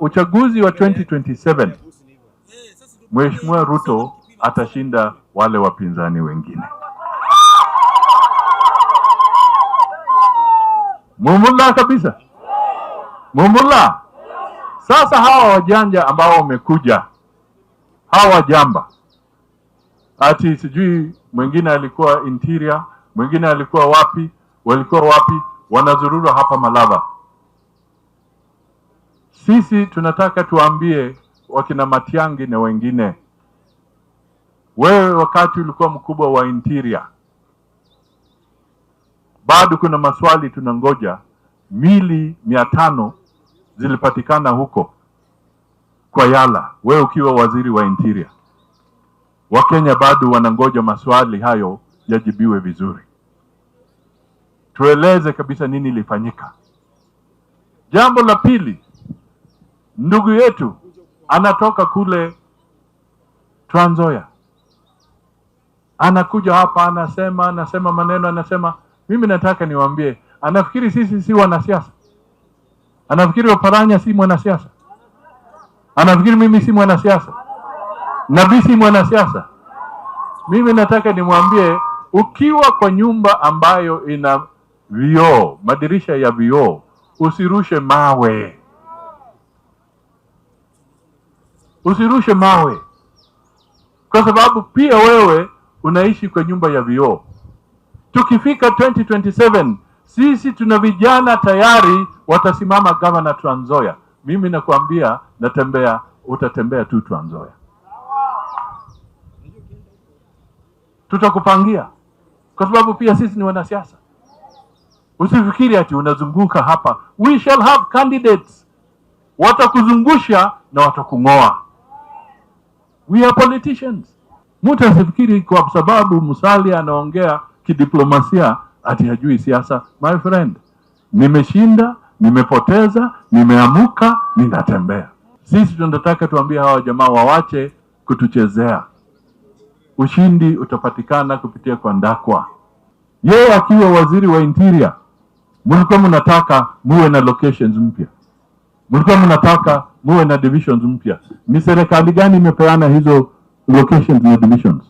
Uchaguzi wa 2027 eh. Mheshimiwa Ruto atashinda wale wapinzani wengine. Mumbula kabisa, mumbula. Sasa hawa wajanja ambao wamekuja, hawa wajamba, ati sijui mwingine alikuwa interior, mwingine alikuwa wapi, walikuwa wapi, wanazurura hapa Malava. Sisi tunataka tuambie wakina Matiang'i na wengine, wewe wakati ulikuwa mkubwa wa interior, bado kuna maswali tunangoja. Mili mia tano zilipatikana huko kwa Yala, wewe ukiwa waziri wa interior. Wakenya bado wanangoja maswali hayo yajibiwe vizuri, tueleze kabisa nini ilifanyika. Jambo la pili ndugu yetu anatoka kule Trans Nzoia anakuja hapa, anasema anasema maneno, anasema mimi nataka niwaambie. Anafikiri sisi si wanasiasa, anafikiri Oparanya si mwanasiasa, anafikiri mimi si mwanasiasa, Nabii si mwanasiasa. Mimi nataka nimwambie, ukiwa kwa nyumba ambayo ina vioo, madirisha ya vioo, usirushe mawe. usirushe mawe, kwa sababu pia wewe unaishi kwa nyumba ya vioo. Tukifika 2027 sisi tuna vijana tayari watasimama gavana Trans Nzoia. Mimi nakwambia natembea, utatembea tu Trans Nzoia, tutakupangia kwa sababu pia sisi ni wanasiasa. Usifikiri ati unazunguka hapa, we shall have candidates, watakuzungusha na watakung'oa. We are politicians. Mtu asifikiri kwa sababu Musali anaongea kidiplomasia ati hajui siasa. My friend, nimeshinda, nimepoteza, nimeamuka, ninatembea. Sisi tunataka tuambie hawa jamaa wawache kutuchezea. Ushindi utapatikana kupitia kwa Ndakwa. Yeye akiwa waziri wa interior, mlikuwa mnataka muwe na locations mpya mlikuwa mnataka muwe na divisions mpya. Ni serikali gani imepeana hizo locations na divisions?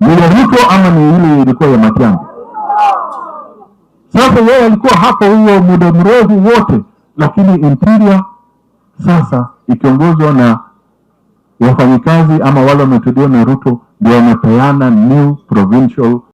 Ni ya Ruto ama ni ile ilikuwa ya Matiang'i? Sasa yeye alikuwa hapo huo muda mrefu wote, lakini interior sasa ikiongozwa na wafanyikazi ama wale wametudiwa na Ruto ndio wamepeana new provincial